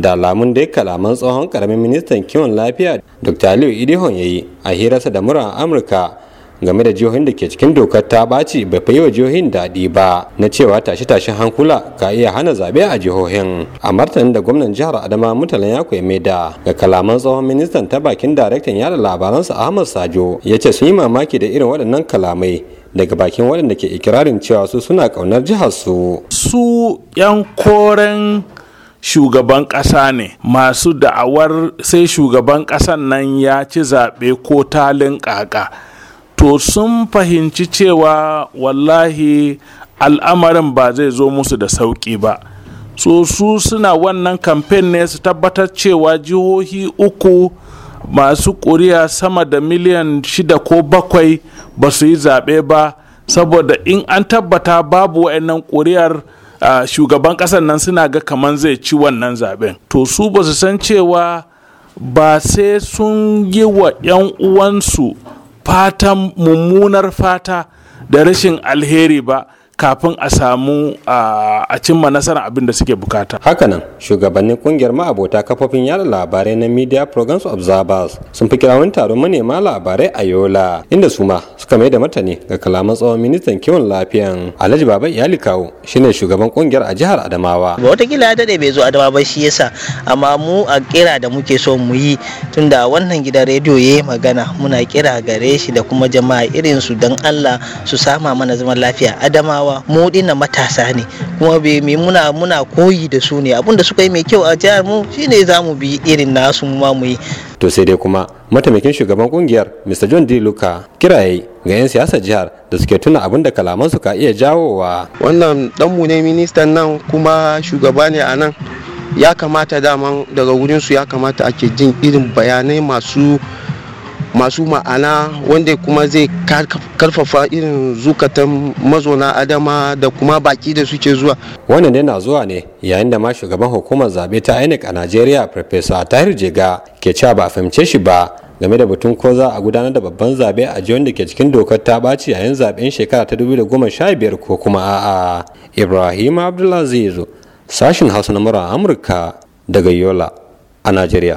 da alamun dai kalaman tsohon karamin ministan kiwon lafiya dr aliyu idihon ya yi a hirarsa da muran amurka game da jihohin da ke cikin dokar ta ɓaci bai fi wa jihohin daɗi ba na cewa tashe-tashen hankula ka iya hana zaɓe a jihohin a martanin da gwamnan jihar adama mutalan ya kwaime da ga kalaman tsohon ministan ta bakin daraktan yada labaransa ahmad sajo ya ce sun yi mamaki da irin waɗannan kalamai daga bakin waɗanda ke ikirarin cewa su suna ƙaunar jihar su su 'yan koren shugaban ƙasa ne masu da'awar sai shugaban ƙasan nan ya ci zaɓe ko talin ƙaƙa to sun fahimci cewa wallahi al'amarin ba zai zo musu da sauƙi ba so su suna wannan kamfen ne su tabbatar cewa jihohi uku masu ƙuri'a sama da miliyan shida ko bakwai ba su yi zaɓe ba saboda in an tabbata babu wa'annan ƙuri'ar shugaban ƙasar nan suna ga kaman zai ci wannan zaben to su ba su san cewa ba sai sun yi wa 'yan uwansu fatan mummunar fata da rashin alheri ba kafin a samu a cimma nasarar abin da suke bukata. Hakanan shugabannin kungiyar ma'abota kafofin yada labarai na Media Programs Observers sun fi kirawun taron manema labarai a Yola inda su ma suka mai da martani ga kalaman tsawon ministan kiwon lafiyan Alhaji Baba Iyali Kawo shine shugaban kungiyar a jihar Adamawa. Ba wata kila ta bai zo Adamawa ba shi yasa amma mu a kira da muke so mu yi tunda wannan gidan rediyo yayi magana muna kira gare shi da kuma jama'a irin su don Allah su sama mana zaman lafiya Adamawa nunawa mu dinnan matasa ne kuma muna muna koyi da su ne abinda suka yi mai kyau a jihar mu shine za mu bi irin nasu mu ma mu yi to sai dai kuma mataimakin shugaban kungiyar mr john d luka kiraye ga 'yan siyasar jihar da suke tuna abin da su ka iya jawowa wannan danmu ne ministan nan kuma shugaba ne a nan ya kamata daman daga wurinsu ya kamata ake jin irin bayanai masu masu ma'ana wanda kuma zai karfafa irin zukatan mazauna adama da kuma baki da suke zuwa wannan dai na zuwa ne yayin da ma shugaban hukumar zabe ta inec a najeriya farfesa tahir jega ke cewa ba a fahimce shi ba game da batun ko za a gudanar da babban zabe a jihar da ke cikin dokar ta ɓaci yayin zaben shekara ta sha biyar ko kuma a'a ibrahim zo sashin hausa na mura amurka daga yola a najeriya